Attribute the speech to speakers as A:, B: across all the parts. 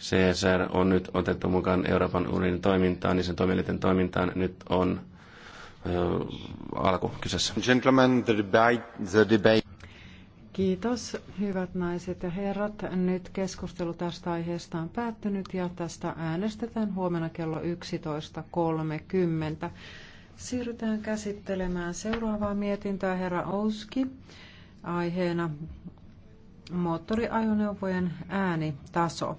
A: CSR on nyt otettu mukaan Euroopan unionin toimintaan, niin sen toimielinten toimintaan nyt on äh, alku kyseessä. Gentlemen, the debate, the debate.
B: Kiitos, hyvät naiset ja herrat. Nyt keskustelu tästä aiheesta on päättynyt ja tästä äänestetään huomenna kello 11.30. Siirrytään käsittelemään seuraavaa mietintöä, herra Ouski. Aiheena moottoriajoneuvojen äänitaso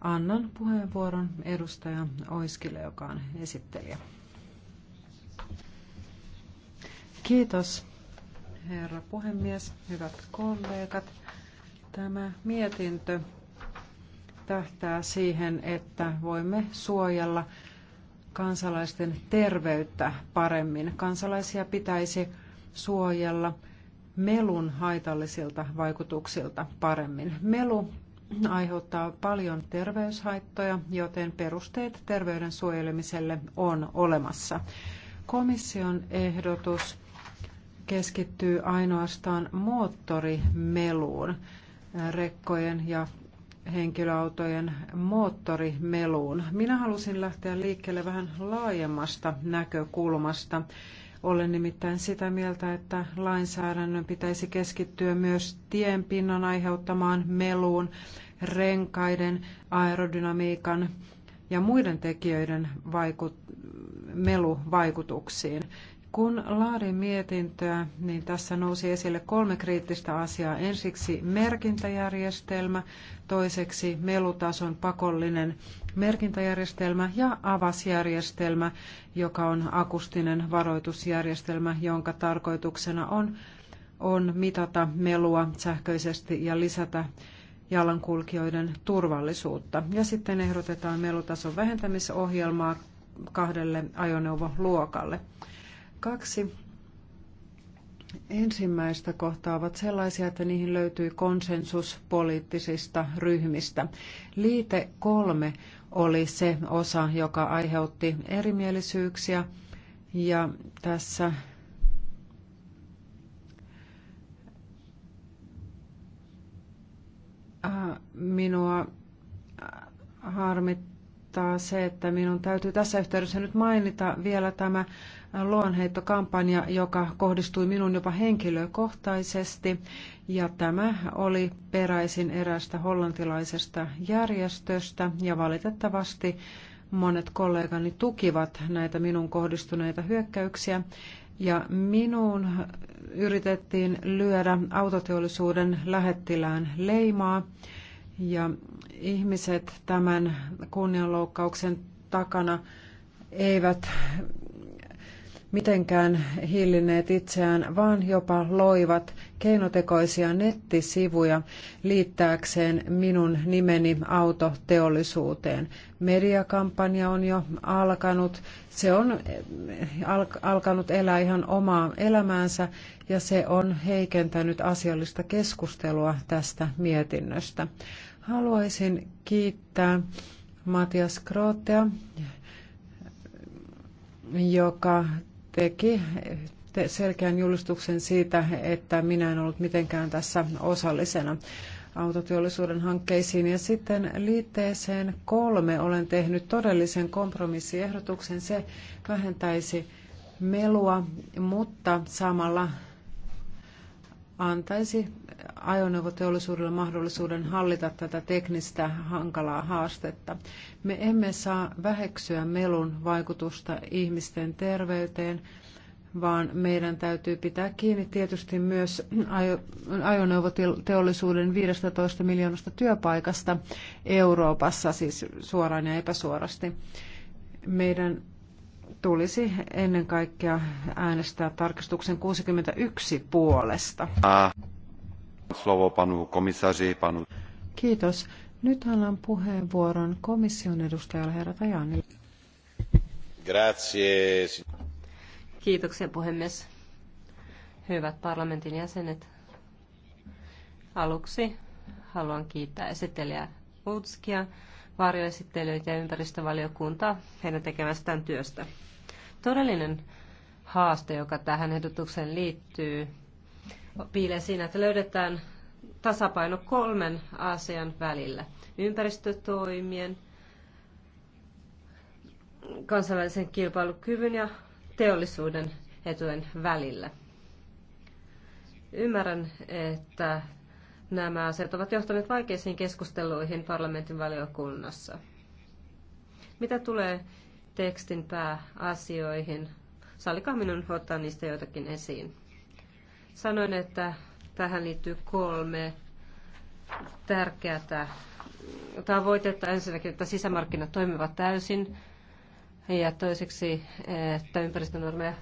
B: annan puheenvuoron edustaja Oiskille, joka on esittelijä. Kiitos, herra puhemies, hyvät kollegat. Tämä mietintö tähtää siihen, että voimme suojella kansalaisten terveyttä paremmin. Kansalaisia pitäisi suojella melun haitallisilta vaikutuksilta paremmin. Melu aiheuttaa paljon terveyshaittoja, joten perusteet terveyden suojelemiselle on olemassa. Komission ehdotus keskittyy ainoastaan moottorimeluun, rekkojen ja henkilöautojen moottorimeluun. Minä halusin lähteä liikkeelle vähän laajemmasta näkökulmasta. Olen nimittäin sitä mieltä, että lainsäädännön pitäisi keskittyä myös tienpinnan aiheuttamaan meluun renkaiden, aerodynamiikan ja muiden tekijöiden vaikut- meluvaikutuksiin. Kun laadin mietintöä, niin tässä nousi esille kolme kriittistä asiaa. Ensiksi merkintäjärjestelmä, toiseksi melutason pakollinen merkintäjärjestelmä ja avasjärjestelmä, joka on akustinen varoitusjärjestelmä, jonka tarkoituksena on, on mitata melua sähköisesti ja lisätä jalankulkijoiden turvallisuutta. Ja sitten ehdotetaan melutason vähentämisohjelmaa kahdelle ajoneuvoluokalle. Kaksi ensimmäistä kohtaa ovat sellaisia, että niihin löytyy konsensus poliittisista ryhmistä. Liite kolme oli se osa, joka aiheutti erimielisyyksiä. Ja tässä Äh, minua äh, harmittaa se, että minun täytyy tässä yhteydessä nyt mainita vielä tämä äh, luonheittokampanja, joka kohdistui minun jopa henkilökohtaisesti. Ja tämä oli peräisin eräästä hollantilaisesta järjestöstä ja valitettavasti monet kollegani tukivat näitä minun kohdistuneita hyökkäyksiä. Ja minuun yritettiin lyödä autoteollisuuden lähettilään leimaa ja ihmiset tämän kunnianloukkauksen takana eivät mitenkään hillineet itseään, vaan jopa loivat keinotekoisia nettisivuja liittääkseen minun nimeni autoteollisuuteen. Mediakampanja on jo alkanut. Se on eh, alkanut elää ihan omaa elämäänsä ja se on heikentänyt asiallista keskustelua tästä mietinnöstä. Haluaisin kiittää Matias Krootea, joka teki selkeän julistuksen siitä, että minä en ollut mitenkään tässä osallisena autoteollisuuden hankkeisiin. Ja sitten liitteeseen kolme olen tehnyt todellisen kompromissiehdotuksen. Se vähentäisi melua, mutta samalla antaisi ajoneuvoteollisuudelle mahdollisuuden hallita tätä teknistä hankalaa haastetta. Me emme saa väheksyä melun vaikutusta ihmisten terveyteen, vaan meidän täytyy pitää kiinni tietysti myös ajoneuvoteollisuuden 15 miljoonasta työpaikasta Euroopassa, siis suoraan ja epäsuorasti. Meidän tulisi ennen kaikkea äänestää tarkistuksen 61 puolesta.
A: Slovo panu komissaari panu.
B: Kiitos. Nyt annan puheenvuoron
C: komission edustajalle herra Tajani.
A: Grazie.
C: Kiitoksia puhemies. Hyvät parlamentin jäsenet. Aluksi haluan kiittää esittelijää Utskia varjoesittelijöitä ja ympäristövaliokuntaa heidän tekemästään työstä. Todellinen haaste, joka tähän ehdotukseen liittyy, piilee siinä, että löydetään tasapaino kolmen asian välillä. Ympäristötoimien, kansainvälisen kilpailukyvyn ja teollisuuden etujen välillä. Ymmärrän, että Nämä asiat ovat johtaneet vaikeisiin keskusteluihin parlamentin valiokunnassa. Mitä tulee tekstin pääasioihin, sallikaa minun ottaa niistä joitakin esiin. Sanoin, että tähän liittyy kolme tärkeää tavoitetta. Ensinnäkin, että sisämarkkinat toimivat täysin ja toiseksi, että ympäristönormeja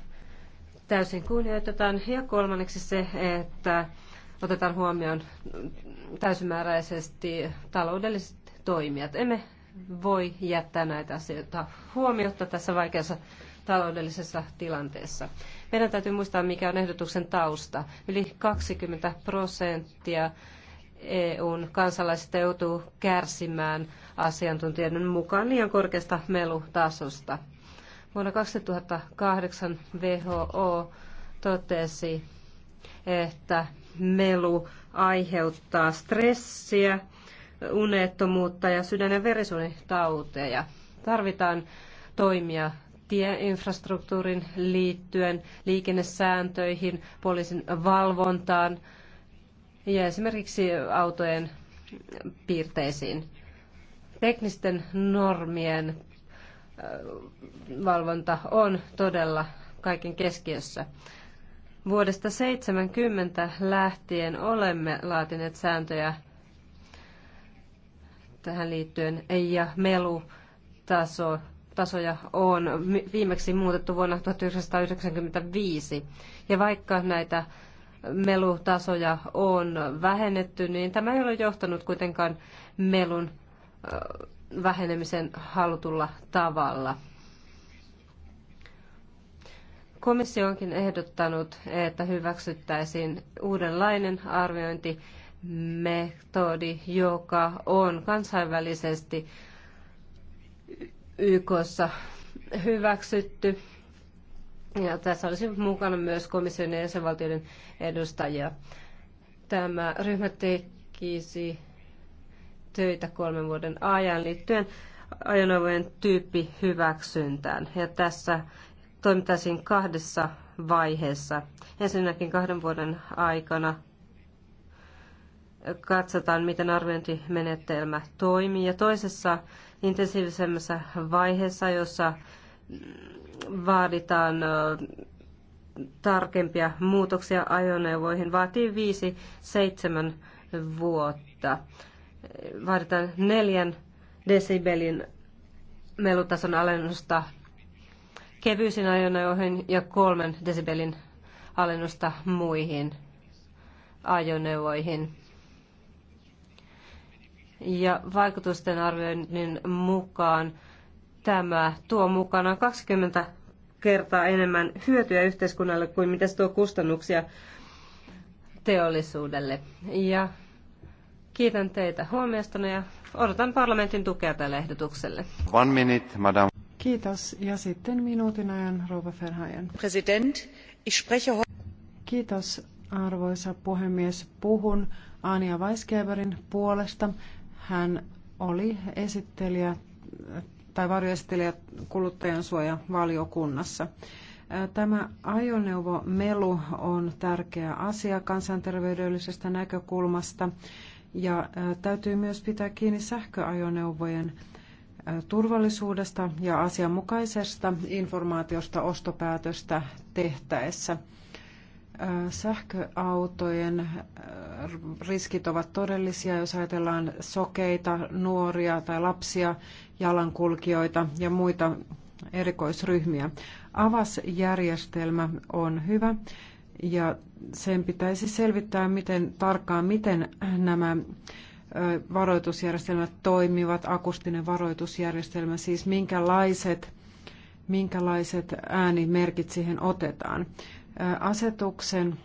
C: täysin kunnioitetaan ja kolmanneksi se, että otetaan huomioon täysimääräisesti taloudelliset toimijat. Emme voi jättää näitä asioita huomiota tässä vaikeassa taloudellisessa tilanteessa. Meidän täytyy muistaa, mikä on ehdotuksen tausta. Yli 20 prosenttia EUn kansalaisista joutuu kärsimään asiantuntijoiden mukaan liian korkeasta melutasosta. Vuonna 2008 WHO totesi, että melu aiheuttaa stressiä, unettomuutta ja sydän- ja verisuonitauteja. Tarvitaan toimia tieinfrastruktuurin liittyen, liikennesääntöihin, poliisin valvontaan ja esimerkiksi autojen piirteisiin. Teknisten normien valvonta on todella kaiken keskiössä. Vuodesta 70 lähtien olemme laatineet sääntöjä tähän liittyen ja melutaso tasoja on viimeksi muutettu vuonna 1995. Ja vaikka näitä melutasoja on vähennetty, niin tämä ei ole johtanut kuitenkaan melun vähenemisen halutulla tavalla. Komissio onkin ehdottanut, että hyväksyttäisiin uudenlainen arviointimetodi, joka on kansainvälisesti YKssa hyväksytty. Ja tässä olisi mukana myös komission ja jäsenvaltioiden edustajia. Tämä ryhmä tekisi töitä kolmen vuoden ajan liittyen ajoneuvojen tyyppihyväksyntään. hyväksyntään. Ja tässä toimittaisiin kahdessa vaiheessa. Ensinnäkin kahden vuoden aikana katsotaan, miten arviointimenetelmä toimii. Ja toisessa intensiivisemmässä vaiheessa, jossa vaaditaan tarkempia muutoksia ajoneuvoihin, vaatii viisi seitsemän vuotta. Vaaditaan neljän desibelin melutason alennusta kevyisiin ajoneuvoihin ja kolmen desibelin alennusta muihin ajoneuvoihin. Ja vaikutusten arvioinnin mukaan tämä tuo mukanaan 20 kertaa enemmän hyötyä yhteiskunnalle kuin mitä se tuo kustannuksia teollisuudelle. Ja kiitän teitä huomiostanne ja odotan parlamentin tukea tälle ehdotukselle.
A: One minute, madam.
B: Kiitos. Ja sitten minuutin ajan Rouva Ferhajen. President, ich spreche... Kiitos arvoisa puhemies. Puhun Anja Weisgeberin puolesta. Hän oli esittelijä tai varjoesittelijä kuluttajansuojavaliokunnassa. valiokunnassa. Tämä ajoneuvomelu on tärkeä asia kansanterveydellisestä näkökulmasta ja täytyy myös pitää kiinni sähköajoneuvojen turvallisuudesta ja asianmukaisesta informaatiosta ostopäätöstä tehtäessä. Sähköautojen riskit ovat todellisia, jos ajatellaan sokeita, nuoria tai lapsia, jalankulkijoita ja muita erikoisryhmiä. Avasjärjestelmä on hyvä ja sen pitäisi selvittää miten tarkkaan, miten nämä varoitusjärjestelmät toimivat, akustinen varoitusjärjestelmä, siis minkälaiset, minkälaiset äänimerkit siihen otetaan. Asetuksen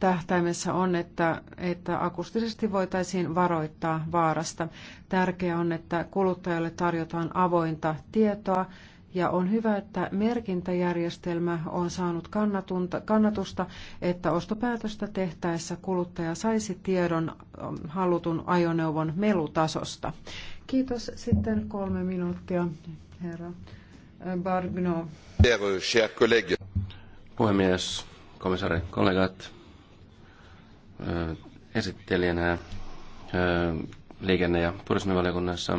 B: tähtäimessä on, että, että akustisesti voitaisiin varoittaa vaarasta. Tärkeää on, että kuluttajalle tarjotaan avointa tietoa ja on hyvä, että merkintäjärjestelmä on saanut kannatusta, että ostopäätöstä tehtäessä kuluttaja saisi tiedon um, halutun ajoneuvon melutasosta. Kiitos. Sitten kolme minuuttia, herra eh, Bargno.
A: Puhemies, komissaari, kollegat, eh, esittelijänä eh, liikenne- ja turismivaliokunnassa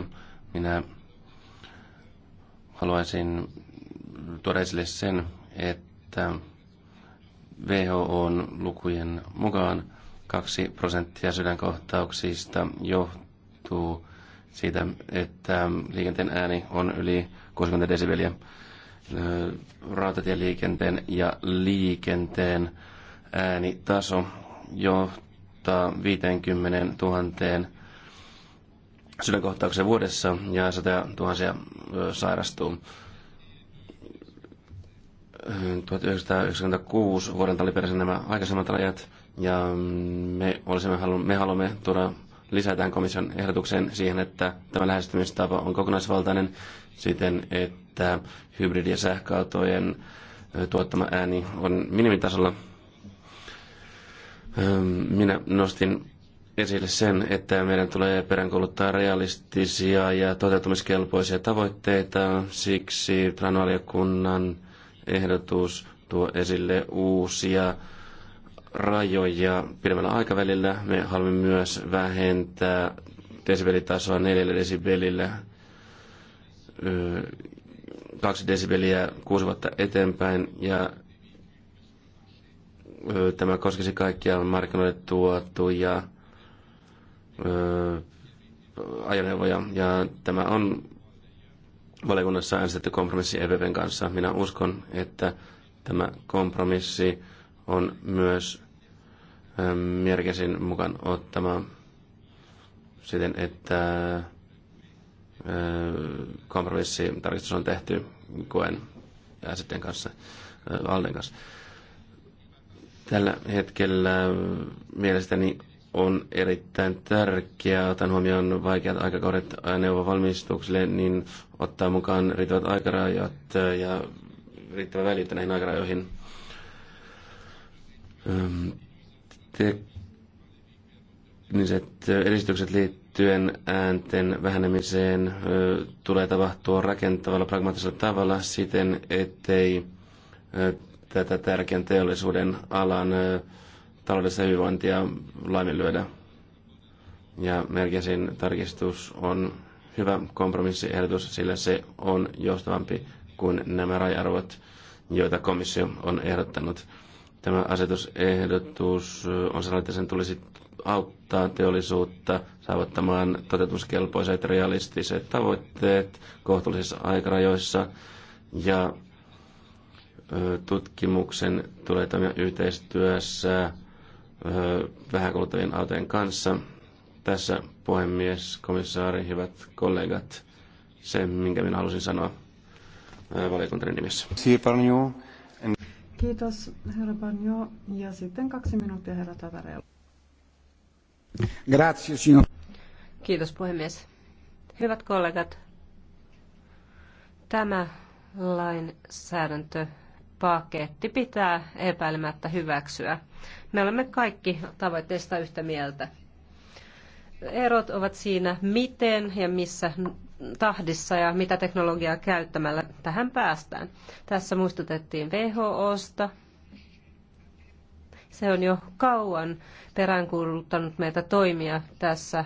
A: minä haluaisin tuoda esille sen, että WHOn lukujen mukaan 2 prosenttia sydänkohtauksista johtuu siitä, että liikenteen ääni on yli 60 desibeliä. Rautatieliikenteen ja liikenteen äänitaso johtaa 50 000 sydänkohtauksia vuodessa ja satoja tuhansia sairastuu. 1996 vuoden taliperäisen nämä aikaisemmat rajat ja me, olisimme halu- me haluamme tuoda lisää tähän komission ehdotukseen siihen, että tämä lähestymistapa on kokonaisvaltainen siten, että hybridi- ja sähköautojen tuottama ääni on minimitasolla. Minä nostin esille sen, että meidän tulee peräänkuuluttaa realistisia ja toteutumiskelpoisia tavoitteita. Siksi Tranvaliokunnan ehdotus tuo esille uusia rajoja pidemmällä aikavälillä. Me haluamme myös vähentää desibelitasoa neljällä desibelillä kaksi desibeliä kuusi vuotta eteenpäin ja tämä koskisi kaikkia markkinoille tuotuja ajoneuvoja ja tämä on valiokunnassa äänestetty kompromissi EVVn kanssa. Minä uskon, että tämä kompromissi on myös Merkesin mukaan ottama siten, että tarkistus on tehty koen ja sitten kanssa, Alden kanssa. Tällä hetkellä mielestäni on erittäin tärkeää, otan huomioon vaikeat aikakaudet neuvovalmistukselle, niin ottaa mukaan riittävät aikarajat äh, ja riittävä väljyyttä näihin aikarajoihin. Ähm, tekniset edistykset liittyen äänten vähenemiseen äh, tulee tapahtua rakentavalla, pragmaattisella tavalla siten, ettei äh, tätä tärkeän teollisuuden alan taloudellista hyvinvointia laiminlyödä. Ja Merkesin tarkistus on hyvä kompromissiehdotus, sillä se on joustavampi kuin nämä rajarvot, joita komissio on ehdottanut. Tämä asetusehdotus on sellainen, että sen tulisi auttaa teollisuutta saavuttamaan toteutuskelpoiset realistiset tavoitteet kohtuullisissa aikarajoissa ja tutkimuksen tulee toimia yhteistyössä vähäkuluttavien autojen kanssa. Tässä puhemies, komissaari, hyvät kollegat, se minkä minä halusin sanoa valiokuntani nimessä.
B: Kiitos, herra Barnio. Ja sitten kaksi minuuttia, herra Tatarella.
C: Kiitos, puhemies. Hyvät kollegat, tämä lainsäädäntö paketti pitää epäilemättä hyväksyä. Me olemme kaikki tavoitteista yhtä mieltä. Erot ovat siinä, miten ja missä tahdissa ja mitä teknologiaa käyttämällä tähän päästään. Tässä muistutettiin WHOsta. Se on jo kauan peräänkuuluttanut meitä toimia tässä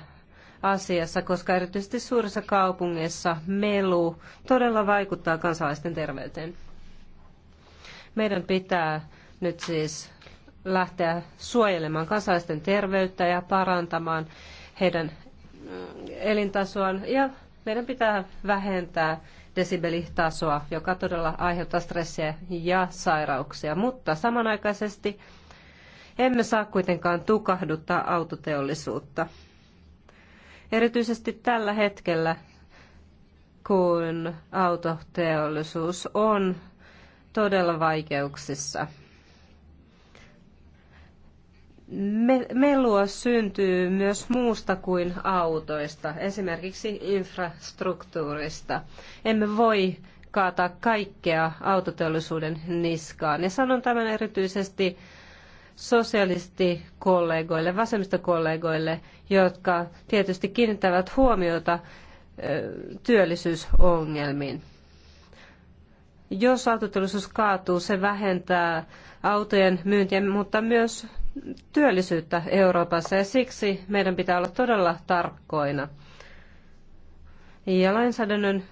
C: asiassa, koska erityisesti suurissa kaupungeissa melu todella vaikuttaa kansalaisten terveyteen. Meidän pitää nyt siis lähteä suojelemaan kansalaisten terveyttä ja parantamaan heidän mm, elintasoaan ja meidän pitää vähentää desibelitasoa, joka todella aiheuttaa stressiä ja sairauksia. Mutta samanaikaisesti emme saa kuitenkaan tukahduttaa autoteollisuutta. Erityisesti tällä hetkellä, kun autoteollisuus on todella vaikeuksissa. Melua syntyy myös muusta kuin autoista, esimerkiksi infrastruktuurista. Emme voi kaataa kaikkea autoteollisuuden niskaan. Ja sanon tämän erityisesti sosialistikollegoille, vasemmistokollegoille, jotka tietysti kiinnittävät huomiota työllisyysongelmiin. Jos autoteollisuus kaatuu, se vähentää autojen myyntiä, mutta myös työllisyyttä Euroopassa ja siksi meidän pitää olla todella tarkkoina. Ja lainsäädännön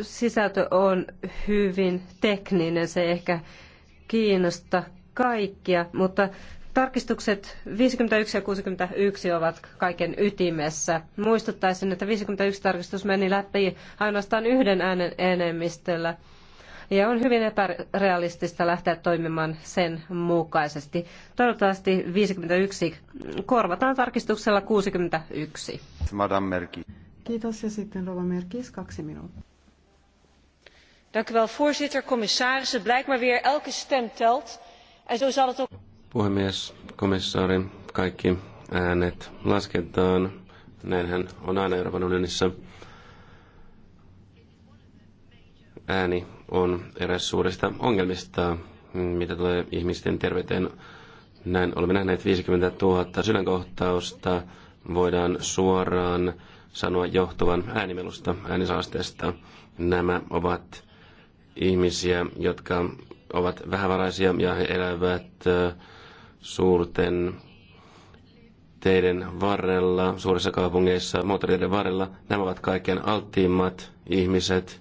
C: sisältö on hyvin tekninen, se ehkä kiinnosta kaikkia, mutta Tarkistukset 51 ja 61 ovat kaiken ytimessä. Muistuttaisin, että 51 tarkistus meni läpi ainoastaan yhden äänen enemmistöllä. Ja on hyvin epärealistista lähteä toimimaan sen mukaisesti. Toivottavasti 51 korvataan tarkistuksella 61.
A: Madame Merki.
C: Kiitos
B: ja sitten Rova Merkis, kaksi
C: minuuttia. Dank u wel, voorzitter, commissaris. Het blijkt maar weer, elke stem telt. En zo zal het ook...
A: Puhemies, komissaari, kaikki äänet lasketaan. Näinhän on aina Euroopan unionissa. Ääni on eräs suurista ongelmista, mitä tulee ihmisten terveyteen. Näin olemme nähneet 50 000 sydänkohtausta. Voidaan suoraan sanoa johtuvan äänimelusta, äänisaasteesta. Nämä ovat ihmisiä, jotka ovat vähävaraisia ja he elävät äh, suurten teiden varrella, suurissa kaupungeissa, moottoriteiden varrella. Nämä ovat kaikkein alttiimmat ihmiset.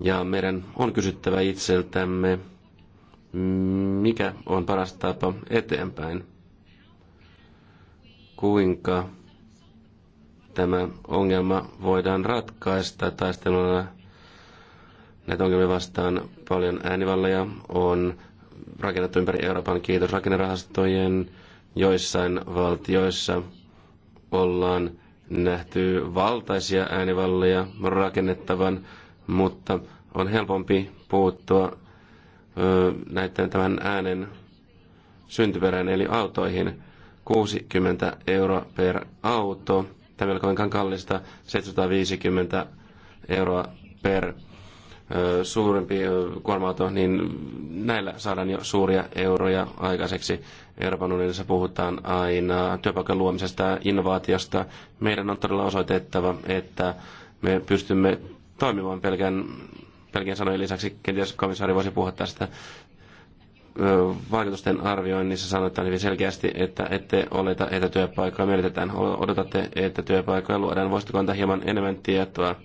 A: Ja meidän on kysyttävä itseltämme, mikä on paras tapa eteenpäin. Kuinka tämä ongelma voidaan ratkaista taistelulla näitä ongelmia vastaan paljon äänivalleja on rakennettu ympäri Euroopan kiitosrakennerahastojen joissain valtioissa ollaan nähty valtaisia äänivalleja rakennettavan, mutta on helpompi puuttua näiden tämän äänen syntyperään eli autoihin. 60 euroa per auto. Tämä ei ole kovinkaan kallista. 750 euroa per suurempi kuorma niin näillä saadaan jo suuria euroja aikaiseksi. Euroopan unionissa puhutaan aina työpaikan luomisesta innovaatiosta. Meidän on todella osoitettava, että me pystymme toimimaan pelkän, pelkän sanojen lisäksi. Kenties komissaari voisi puhua tästä vaikutusten arvioinnissa sanotaan hyvin selkeästi, että ette oleta, että työpaikkoja menetetään. Odotatte, että työpaikkoja luodaan. Voisitteko antaa hieman enemmän tietoa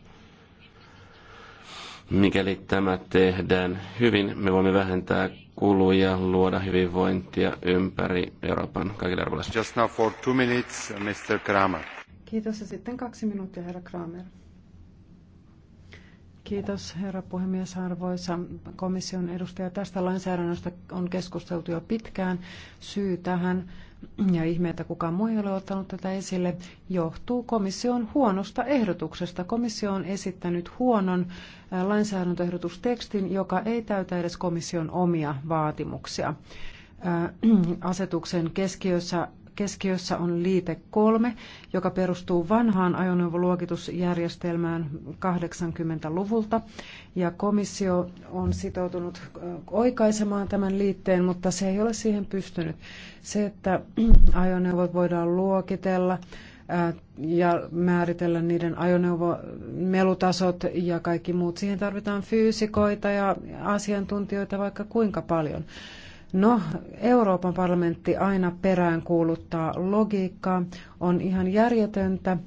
A: Mikäli tämä tehdään hyvin, me voimme vähentää kuluja, luoda hyvinvointia ympäri Euroopan kaikille arvolaisille. Just now for two minutes, Mr. Kramer.
B: Kiitos ja sitten kaksi minuuttia, herra Kramer. Kiitos herra puhemies. Arvoisa komission edustaja, tästä lainsäädännöstä on keskusteltu jo pitkään. Syy tähän ja ihme, että kukaan muu ei ole ottanut tätä esille, johtuu komission huonosta ehdotuksesta. Komissio on esittänyt huonon lainsäädäntöehdotustekstin, joka ei täytä edes komission omia vaatimuksia. Asetuksen keskiössä keskiössä on liite kolme, joka perustuu vanhaan ajoneuvoluokitusjärjestelmään 80-luvulta. Ja komissio on sitoutunut oikaisemaan tämän liitteen, mutta se ei ole siihen pystynyt. Se, että ajoneuvot voidaan luokitella, ja määritellä niiden ajoneuvomelutasot ja kaikki muut. Siihen tarvitaan fyysikoita ja asiantuntijoita vaikka kuinka paljon. No, Euroopan parlamentti aina peräänkuuluttaa logiikkaa. On ihan järjetöntä,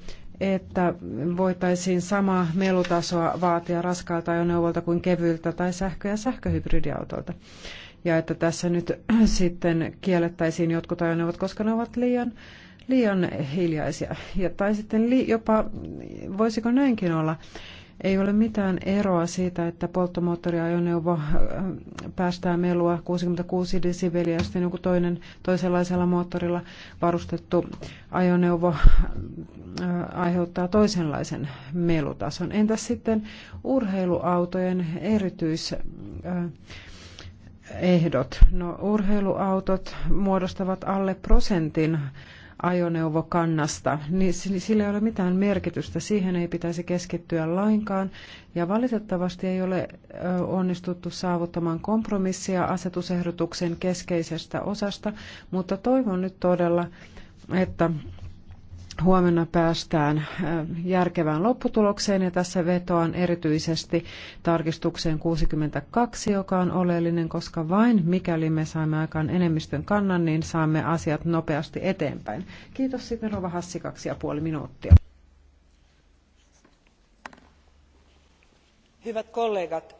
B: että voitaisiin samaa melutasoa vaatia raskaalta ajoneuvolta kuin kevyiltä tai sähkö- ja sähköhybridiautolta. Ja että tässä nyt sitten kiellettäisiin jotkut ajoneuvot, koska ne ovat liian, liian hiljaisia. Ja, tai sitten li, jopa, voisiko näinkin olla, ei ole mitään eroa siitä, että polttomoottoriajoneuvo äh, päästää melua 66 desibeliä, jos joku toinen toisenlaisella moottorilla varustettu ajoneuvo äh, aiheuttaa toisenlaisen melutason. Entäs sitten urheiluautojen erityis ehdot. No, urheiluautot muodostavat alle prosentin ajoneuvokannasta, niin, niin sillä ei ole mitään merkitystä. Siihen ei pitäisi keskittyä lainkaan. Ja valitettavasti ei ole onnistuttu saavuttamaan kompromissia asetusehdotuksen keskeisestä osasta, mutta toivon nyt todella, että huomenna päästään äh, järkevään lopputulokseen ja tässä vetoan erityisesti tarkistukseen 62, joka on oleellinen, koska vain mikäli me saamme aikaan enemmistön kannan, niin saamme asiat nopeasti eteenpäin. Kiitos sitten Rova Hassi, kaksi ja puoli minuuttia.
D: Hyvät kollegat,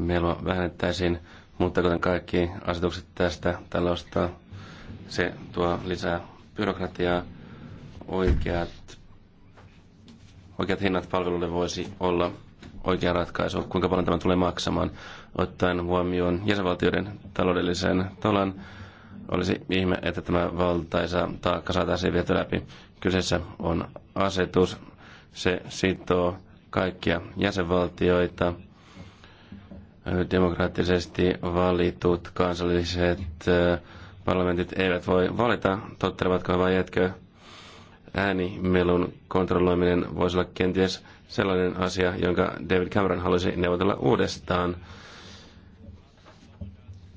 A: melua vähennettäisiin, mutta kuten kaikki asetukset tästä talosta, se tuo lisää byrokratiaa. Oikeat, oikeat hinnat palvelulle voisi olla oikea ratkaisu, kuinka paljon tämä tulee maksamaan, ottaen huomioon jäsenvaltioiden taloudellisen talan, Olisi ihme, että tämä valtaisa taakka saataisiin viety läpi. Kyseessä on asetus. Se sitoo kaikkia jäsenvaltioita demokraattisesti valitut kansalliset parlamentit eivät voi valita, tottelevatko vai etkö. Äänimelun kontrolloiminen voisi olla kenties sellainen asia, jonka David Cameron halusi neuvotella uudestaan,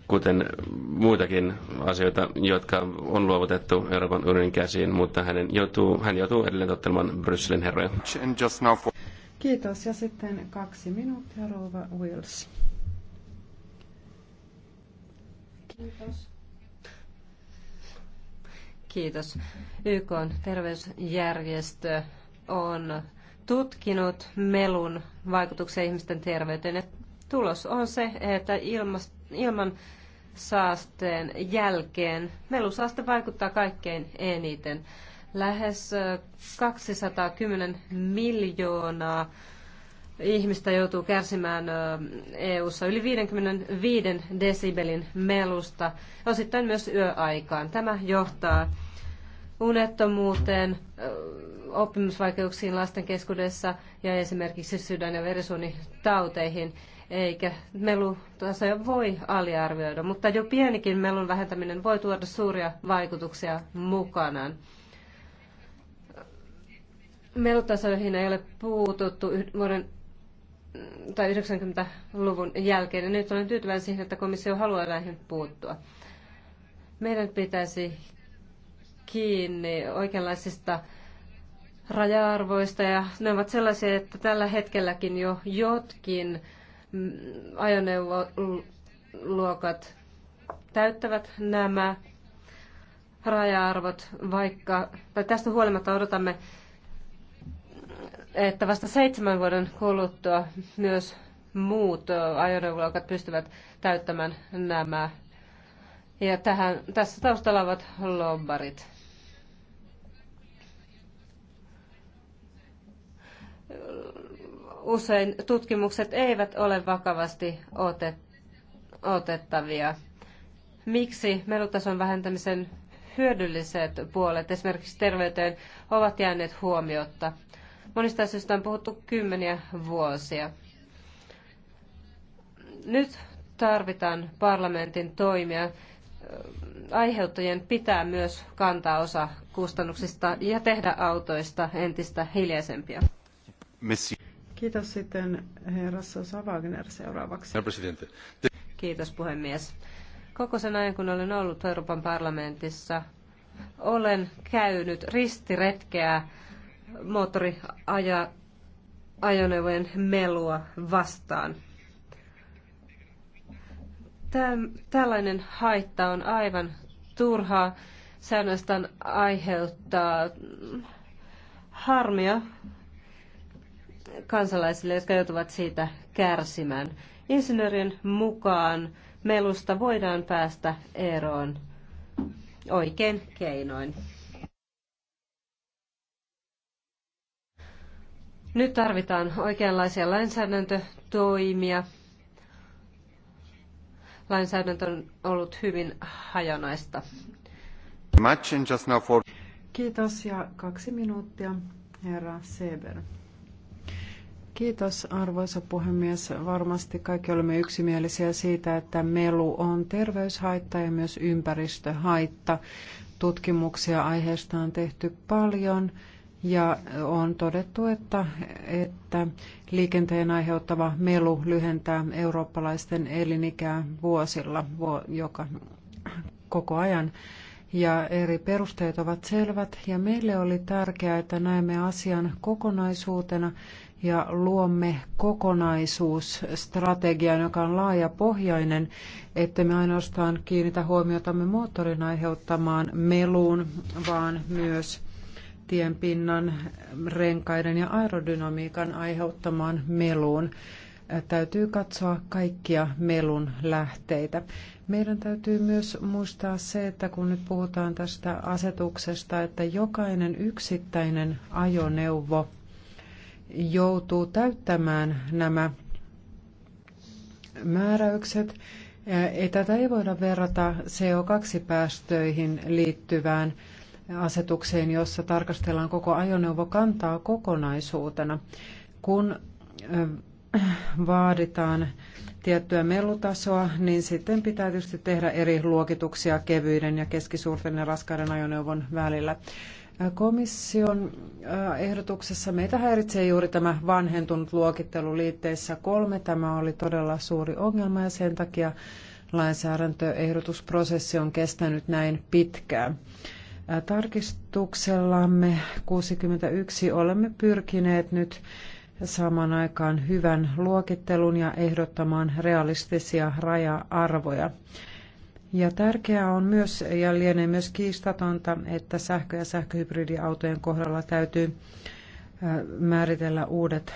A: kuten muitakin asioita, jotka on luovutettu Euroopan unionin käsiin, mutta hänen joutuu, hän joutuu edelleen tottelemaan Brysselin herroja.
B: Kiitos. Ja sitten
C: kaksi minuuttia, Rova Wills. Kiitos. Kiitos. YK on terveysjärjestö on tutkinut melun vaikutuksia ihmisten terveyteen. Ja tulos on se, että ilman saasteen jälkeen melusaaste vaikuttaa kaikkein eniten. Lähes 210 miljoonaa ihmistä joutuu kärsimään EU-ssa yli 55 desibelin melusta, osittain myös yöaikaan. Tämä johtaa unettomuuteen, oppimisvaikeuksiin lasten keskuudessa ja esimerkiksi sydän- ja verisuonitauteihin, eikä melutasoja voi aliarvioida, mutta jo pienikin melun vähentäminen voi tuoda suuria vaikutuksia mukanaan. Melutasoihin ei ole puututtu vuoden tai 90-luvun jälkeen. Ja nyt olen tyytyväinen siihen, että komissio haluaa näihin puuttua. Meidän pitäisi kiinni oikeanlaisista raja-arvoista ja ne ovat sellaisia, että tällä hetkelläkin jo jotkin mm, ajoneuvoluokat täyttävät nämä raja-arvot, vaikka, tai tästä huolimatta odotamme että vasta seitsemän vuoden kuluttua myös muut ajoneuvoluokat pystyvät täyttämään nämä. Ja tähän, tässä taustalla ovat lombarit. Usein tutkimukset eivät ole vakavasti otet, otettavia. Miksi melutason vähentämisen hyödylliset puolet, esimerkiksi terveyteen, ovat jääneet huomiotta? Monista asioista on puhuttu kymmeniä vuosia. Nyt tarvitaan parlamentin toimia. Aiheuttajien pitää myös kantaa osa kustannuksista ja tehdä autoista entistä hiljaisempia. Messi. Kiitos sitten herra Sosa Wagner seuraavaksi. Kiitos puhemies. Koko sen ajan, kun olen ollut Euroopan parlamentissa, olen käynyt ristiretkeä moottoriajoneuvojen melua vastaan. Tällainen haitta on aivan turhaa. Se ainoastaan aiheuttaa harmia kansalaisille, jotka joutuvat siitä kärsimään. Insinöörien mukaan melusta voidaan päästä eroon oikein keinoin. Nyt tarvitaan oikeanlaisia lainsäädäntötoimia. Lainsäädäntö on ollut hyvin hajanaista. Kiitos ja
B: kaksi minuuttia, herra Seber. Kiitos arvoisa puhemies. Varmasti kaikki olemme yksimielisiä siitä, että melu on terveyshaitta ja myös ympäristöhaitta. Tutkimuksia aiheesta on tehty paljon ja on todettu, että, että liikenteen aiheuttava melu lyhentää eurooppalaisten elinikää vuosilla, joka koko ajan. Ja eri perusteet ovat selvät ja meille oli tärkeää, että näemme asian kokonaisuutena ja luomme kokonaisuusstrategian, joka on laaja pohjainen, että me ainoastaan kiinnitä huomiotamme moottorin aiheuttamaan meluun, vaan myös tienpinnan, renkaiden ja aerodynamiikan aiheuttamaan meluun. Täytyy katsoa kaikkia melun lähteitä. Meidän täytyy myös muistaa se, että kun nyt puhutaan tästä asetuksesta, että jokainen yksittäinen ajoneuvo joutuu täyttämään nämä määräykset. Ei tätä ei voida verrata CO2-päästöihin liittyvään asetukseen, jossa tarkastellaan koko ajoneuvokantaa kokonaisuutena. Kun äh, vaaditaan tiettyä mellutasoa, niin sitten pitää tietysti tehdä eri luokituksia kevyiden ja keskisuurten ja raskaiden ajoneuvon välillä. Äh, komission äh, ehdotuksessa meitä häiritsee juuri tämä vanhentunut luokittelu liitteissä kolme. Tämä oli todella suuri ongelma ja sen takia lainsäädäntöehdotusprosessi on kestänyt näin pitkään. Tarkistuksellamme 61 olemme pyrkineet nyt saamaan aikaan hyvän luokittelun ja ehdottamaan realistisia raja-arvoja. Ja tärkeää on myös, ja lienee myös kiistatonta, että sähkö- ja sähköhybridiautojen kohdalla täytyy määritellä uudet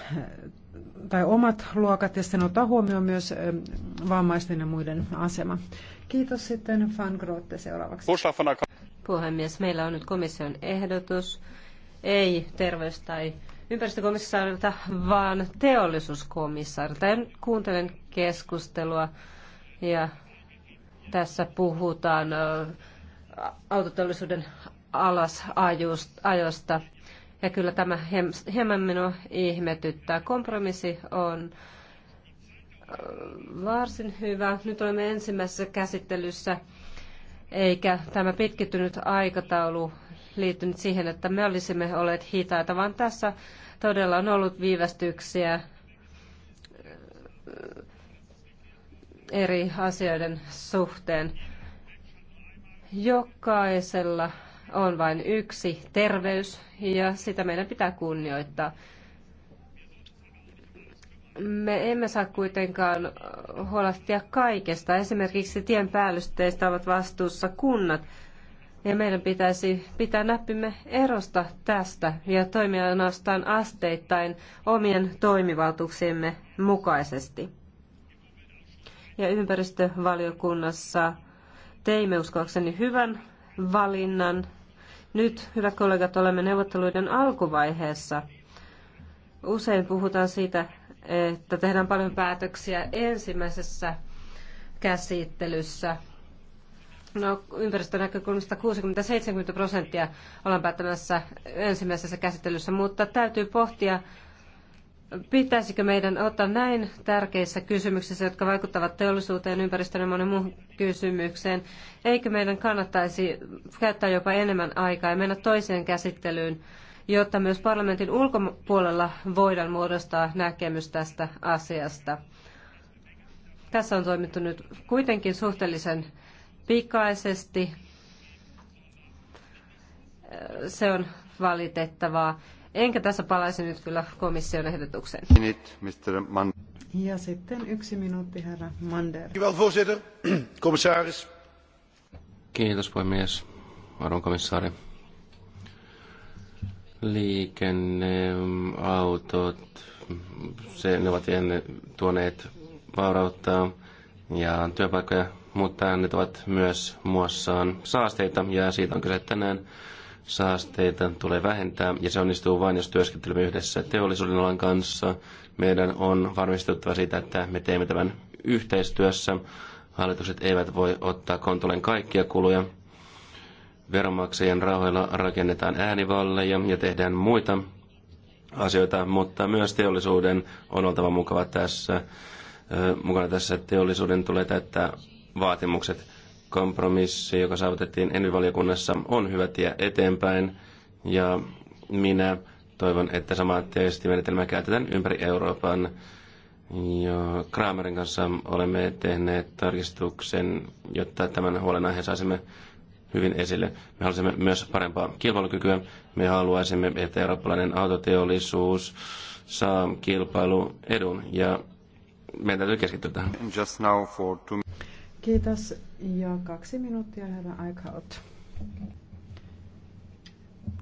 B: tai omat luokat ja sitten ottaa huomioon myös vammaisten ja muiden asema.
C: Kiitos sitten Van Grotte seuraavaksi puhemies. Meillä on nyt komission ehdotus, ei terveys- tai ympäristökomissaarilta, vaan teollisuuskomissaarilta. En kuuntelen keskustelua ja tässä puhutaan autoteollisuuden alasajosta. Ja kyllä tämä hieman minua ihmetyttää. Kompromissi on varsin hyvä. Nyt olemme ensimmäisessä käsittelyssä eikä tämä pitkittynyt aikataulu liittynyt siihen, että me olisimme olleet hitaita, vaan tässä todella on ollut viivästyksiä äh, eri asioiden suhteen. Jokaisella on vain yksi terveys ja sitä meidän pitää kunnioittaa me emme saa kuitenkaan huolehtia kaikesta. Esimerkiksi tien päällysteistä ovat vastuussa kunnat. Ja meidän pitäisi pitää näppimme erosta tästä ja toimia ainoastaan asteittain omien toimivaltuuksiemme mukaisesti. Ja ympäristövaliokunnassa teimme uskoakseni hyvän valinnan. Nyt, hyvät kollegat, olemme neuvotteluiden alkuvaiheessa. Usein puhutaan siitä, että tehdään paljon päätöksiä ensimmäisessä käsittelyssä. No, ympäristönäkökulmasta 60-70 prosenttia ollaan päättämässä ensimmäisessä käsittelyssä, mutta täytyy pohtia, pitäisikö meidän ottaa näin tärkeissä kysymyksissä, jotka vaikuttavat teollisuuteen, ympäristöön ja monen muuhun kysymykseen, eikö meidän kannattaisi käyttää jopa enemmän aikaa ja mennä toiseen käsittelyyn jotta myös parlamentin ulkopuolella voidaan muodostaa näkemys tästä asiasta. Tässä on toimittu nyt kuitenkin suhteellisen pikaisesti. Se on valitettavaa. Enkä tässä palaisi nyt kyllä komission ehdotukseen. Ja sitten yksi minuutti, herra Mander.
A: Kiitos, puhemies. Arvon komissaari. Liikenneautot, se, ne ovat ennen tuoneet vaurautta ja työpaikkoja, mutta ne ovat myös muassaan saasteita ja siitä on kyse tänään. Saasteita tulee vähentää ja se onnistuu vain, jos työskentelemme yhdessä teollisuuden alan kanssa. Meidän on varmistuttava siitä, että me teemme tämän yhteistyössä. Hallitukset eivät voi ottaa kontolen kaikkia kuluja, veronmaksajien rahoilla rakennetaan äänivalleja ja tehdään muita asioita, mutta myös teollisuuden on oltava mukava tässä, mukana tässä. Teollisuuden tulee täyttää vaatimukset. Kompromissi, joka saavutettiin ennivaliokunnassa, on hyvä tie eteenpäin ja minä toivon, että sama menetelmä käytetään ympäri Euroopan. Ja Kramerin kanssa olemme tehneet tarkistuksen, jotta tämän aiheen saisimme hyvin esille. Me haluaisimme myös parempaa kilpailukykyä. Me haluaisimme, että eurooppalainen autoteollisuus saa kilpailuedun ja meidän täytyy keskittyä tähän. Just now for two...
B: Kiitos. Ja kaksi minuuttia, herra Eichhout.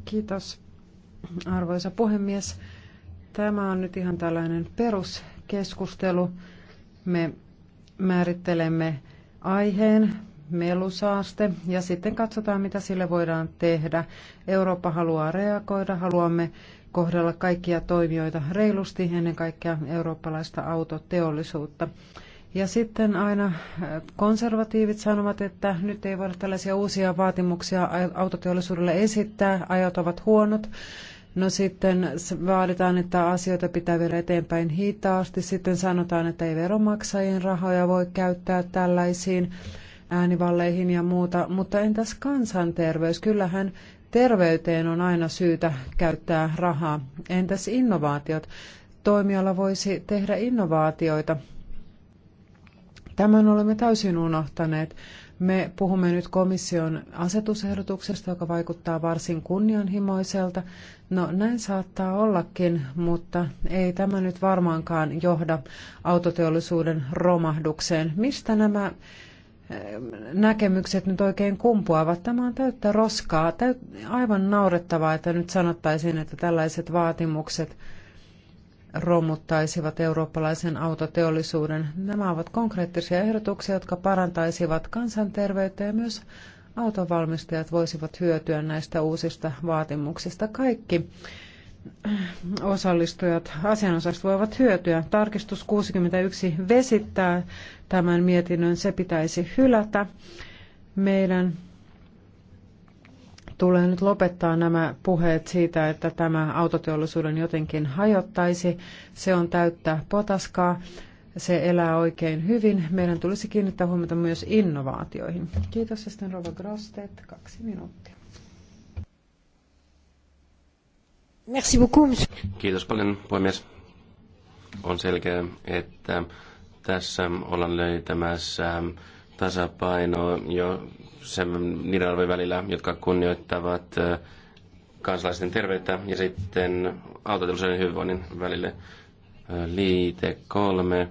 B: Kiitos, arvoisa puhemies. Tämä on nyt ihan tällainen peruskeskustelu. Me määrittelemme aiheen, melusaaste ja sitten katsotaan, mitä sille voidaan tehdä. Eurooppa haluaa reagoida, haluamme kohdella kaikkia toimijoita reilusti, ennen kaikkea eurooppalaista autoteollisuutta. Ja sitten aina äh, konservatiivit sanovat, että nyt ei voida tällaisia uusia vaatimuksia autoteollisuudelle esittää, ajot ovat huonot. No sitten vaaditaan, että asioita pitää viedä eteenpäin hitaasti. Sitten sanotaan, että ei veromaksajien rahoja voi käyttää tällaisiin äänivalleihin ja muuta, mutta entäs kansanterveys? Kyllähän terveyteen on aina syytä käyttää rahaa. Entäs innovaatiot? Toimiala voisi tehdä innovaatioita. Tämän olemme täysin unohtaneet. Me puhumme nyt komission asetusehdotuksesta, joka vaikuttaa varsin kunnianhimoiselta. No näin saattaa ollakin, mutta ei tämä nyt varmaankaan johda autoteollisuuden romahdukseen. Mistä nämä Öö, näkemykset nyt oikein kumpuavat. Tämä on täyttä roskaa. Täyt- aivan naurettavaa, että nyt sanottaisiin, että tällaiset vaatimukset romuttaisivat eurooppalaisen autoteollisuuden. Nämä ovat konkreettisia ehdotuksia, jotka parantaisivat kansanterveyttä ja myös autovalmistajat voisivat hyötyä näistä uusista vaatimuksista. Kaikki osallistujat, asianosaiset voivat hyötyä. Tarkistus 61 vesittää tämän mietinnön, se pitäisi hylätä. Meidän tulee nyt lopettaa nämä puheet siitä, että tämä autoteollisuuden jotenkin hajottaisi. Se on täyttä potaskaa. Se elää oikein hyvin. Meidän tulisi kiinnittää huomiota myös innovaatioihin. Kiitos ja sitten Rova Grostet, kaksi minuuttia. Merci beaucoup.
A: Kiitos paljon, puhemies. On selkeää, että tässä ollaan löytämässä tasapainoa jo sen, niiden arvojen välillä, jotka kunnioittavat kansalaisten terveyttä ja sitten autoteollisuuden hyvinvoinnin välille liite kolme.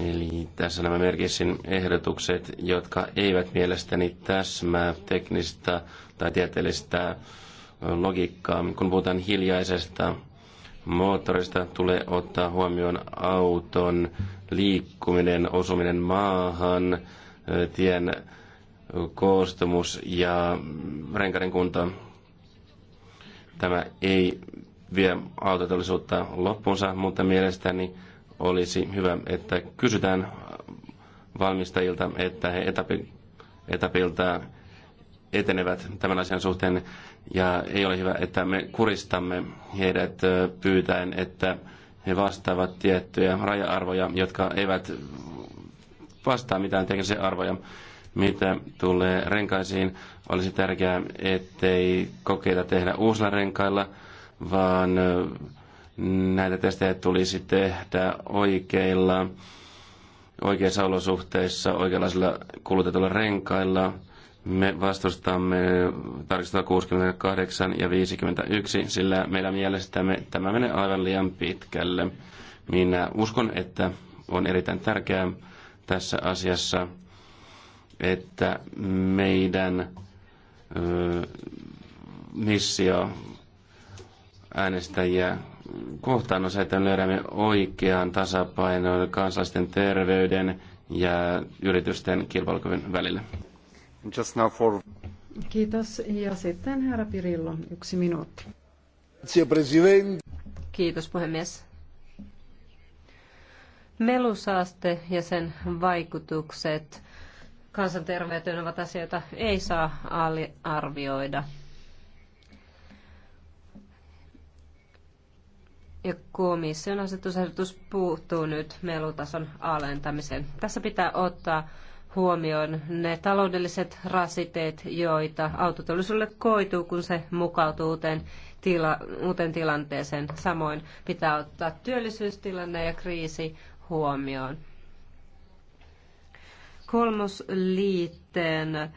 A: Eli tässä nämä merkissin ehdotukset, jotka eivät mielestäni täsmää teknistä tai tieteellistä logiikkaa. Kun puhutaan hiljaisesta moottorista, tulee ottaa huomioon auton liikkuminen, osuminen maahan, tien koostumus ja renkaiden kunto. Tämä ei vie autotollisuutta loppuunsa, mutta mielestäni olisi hyvä, että kysytään valmistajilta, että he etapilta etenevät tämän asian suhteen. Ja ei ole hyvä, että me kuristamme heidät pyytäen, että he vastaavat tiettyjä raja-arvoja, jotka eivät vastaa mitään teknisiä arvoja. Mitä tulee renkaisiin, olisi tärkeää, ettei kokeita tehdä uusilla renkailla, vaan näitä testejä tulisi tehdä oikeilla, oikeissa olosuhteissa, oikeanlaisilla kulutetuilla renkailla – me vastustamme tarkistusta 68 ja 51, sillä meidän mielestämme tämä menee aivan liian pitkälle. Minä uskon, että on erittäin tärkeää tässä asiassa, että meidän ö, missio äänestäjiä kohtaan on se, että löydämme oikean tasapainon kansallisten terveyden ja yritysten kilpailukyvyn välillä. Just now for...
B: Kiitos. Ja sitten herra Pirillo, yksi minuutti.
C: Kiitos puhemies. Melusaaste ja sen vaikutukset kansanterveyteen ovat asioita, ei saa arvioida. Ja komission asetusehdotus puuttuu nyt melutason alentamiseen. Tässä pitää ottaa huomioon ne taloudelliset rasiteet, joita autoteollisuudelle koituu, kun se mukautuu uuteen, tila, uuteen tilanteeseen. Samoin pitää ottaa työllisyystilanne ja kriisi huomioon. Kolmosliitteen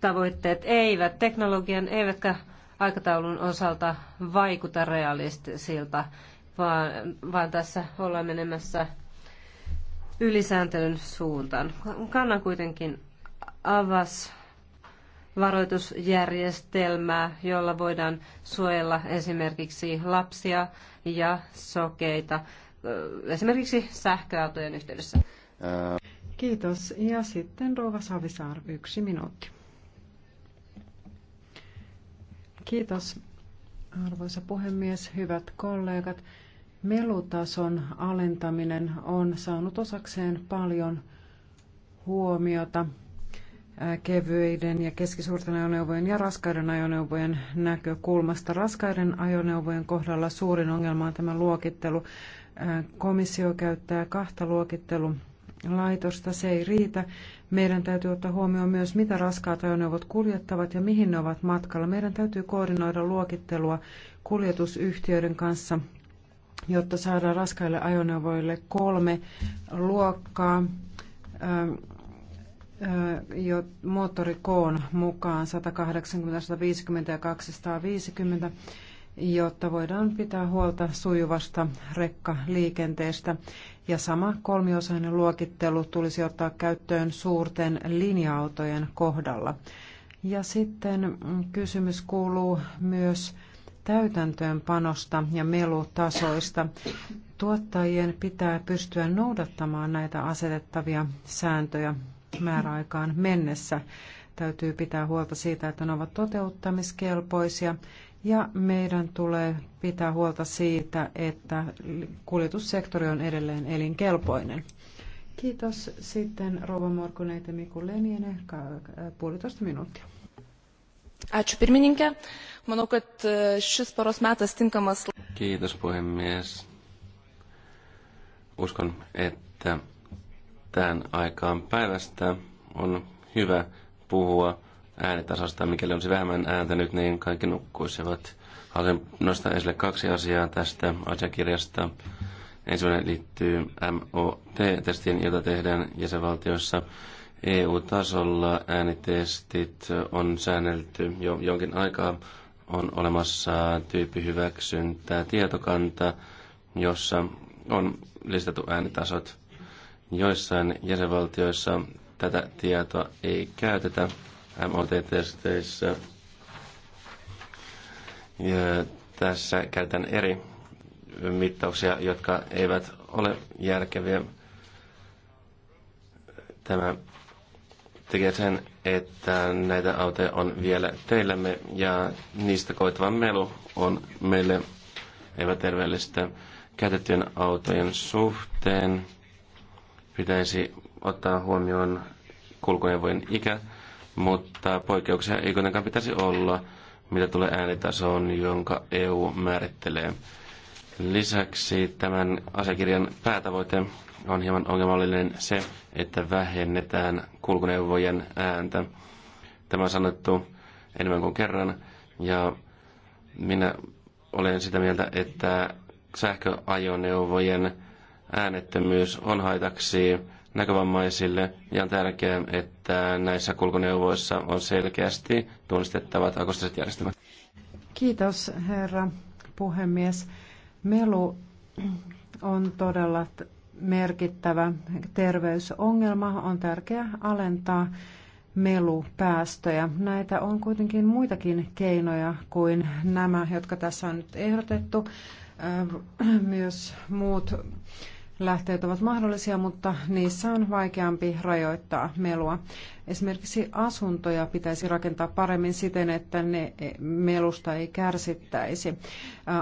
C: tavoitteet eivät teknologian eivätkä aikataulun osalta vaikuta realistisilta, vaan, vaan tässä ollaan menemässä ylisääntelyn suuntaan. Kannan kuitenkin avas varoitusjärjestelmää, jolla voidaan suojella esimerkiksi lapsia ja sokeita, esimerkiksi sähköautojen yhteydessä. Kiitos. Ja
B: sitten Rova Savisaar, yksi minuutti. Kiitos, arvoisa puhemies, hyvät kollegat. Melutason alentaminen on saanut osakseen paljon huomiota kevyiden ja keskisuurten ajoneuvojen ja raskaiden ajoneuvojen näkökulmasta. Raskaiden ajoneuvojen kohdalla suurin ongelma on tämä luokittelu. Komissio käyttää kahta luokittelulaitosta. Se ei riitä. Meidän täytyy ottaa huomioon myös, mitä raskaat ajoneuvot kuljettavat ja mihin ne ovat matkalla. Meidän täytyy koordinoida luokittelua kuljetusyhtiöiden kanssa jotta saadaan raskaille ajoneuvoille kolme luokkaa jo moottorikoon mukaan 180, 150 ja 250, jotta voidaan pitää huolta sujuvasta rekkaliikenteestä. Ja sama kolmiosainen luokittelu tulisi ottaa käyttöön suurten linja-autojen kohdalla. Ja sitten kysymys kuuluu myös täytäntöönpanosta ja melutasoista. Tuottajien pitää pystyä noudattamaan näitä asetettavia sääntöjä määräaikaan mennessä. Täytyy pitää huolta siitä, että ne ovat toteuttamiskelpoisia ja meidän tulee pitää huolta siitä, että kuljetussektori on edelleen elinkelpoinen. Kiitos. Sitten Rova Morkuneite Miku Leniene, puolitoista minuuttia. Ačiū
C: pirmininkė.
D: Manau, kad e, šis paros metas tinkamas.
A: Kiitos puhemies. Uskon, että tämän aikaan päivästä on hyvä puhua äänitasosta. Mikäli olisi vähemmän ääntänyt, niin kaikki nukkuisivat. Haluaisin nostaa esille kaksi asiaa tästä asiakirjasta. Ensimmäinen liittyy MOT-testiin, jota tehdään jäsenvaltioissa. EU-tasolla äänitestit on säännelty jo jonkin aikaa on olemassa tyyppihyväksyntää tietokanta, jossa on listattu äänitasot. Joissain jäsenvaltioissa tätä tietoa ei käytetä MOT-testeissä. Ja tässä käytän eri mittauksia, jotka eivät ole järkeviä. Tämä tekee sen että näitä autoja on vielä teillämme ja niistä koitava melu on meille epäterveellistä käytettyjen autojen suhteen. Pitäisi ottaa huomioon kulkuneuvojen ikä, mutta poikkeuksia ei kuitenkaan pitäisi olla, mitä tulee äänitasoon, jonka EU määrittelee. Lisäksi tämän asiakirjan päätavoite on hieman ongelmallinen se, että vähennetään kulkuneuvojen ääntä. Tämä on sanottu enemmän kuin kerran ja minä olen sitä mieltä, että sähköajoneuvojen äänettömyys on haitaksi näkövammaisille ja on tärkeää, että näissä kulkuneuvoissa on selkeästi tunnistettavat akustiset järjestelmät.
B: Kiitos herra puhemies. Melu on todella merkittävä terveysongelma. On tärkeää alentaa melupäästöjä. Näitä on kuitenkin muitakin keinoja kuin nämä, jotka tässä on nyt ehdotettu. Myös muut lähteet ovat mahdollisia, mutta niissä on vaikeampi rajoittaa melua. Esimerkiksi asuntoja pitäisi rakentaa paremmin siten, että ne melusta ei kärsittäisi.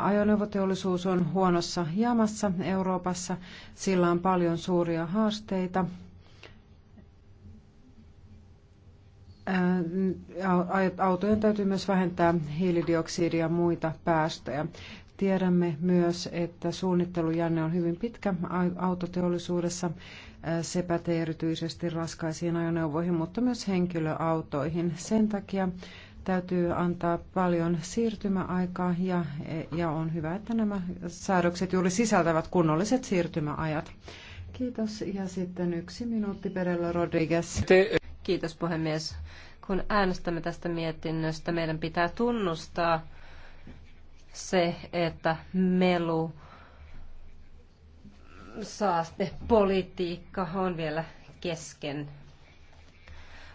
B: Ajoneuvoteollisuus on huonossa jamassa Euroopassa. Sillä on paljon suuria haasteita. Autojen täytyy myös vähentää hiilidioksidia ja muita päästöjä. Tiedämme myös, että suunnittelujanne on hyvin pitkä autoteollisuudessa. Äh, Se pätee erityisesti raskaisiin ajoneuvoihin, mutta myös henkilöautoihin. Sen takia täytyy antaa paljon siirtymäaikaa ja, eh, ja on hyvä, että nämä säädökset juuri sisältävät kunnolliset
C: siirtymäajat. Kiitos. Ja sitten yksi minuutti Perello Rodriguez. Kiitos puhemies. Kun äänestämme tästä mietinnöstä, meidän pitää tunnustaa, se, että melu, saaste, politiikka on vielä kesken.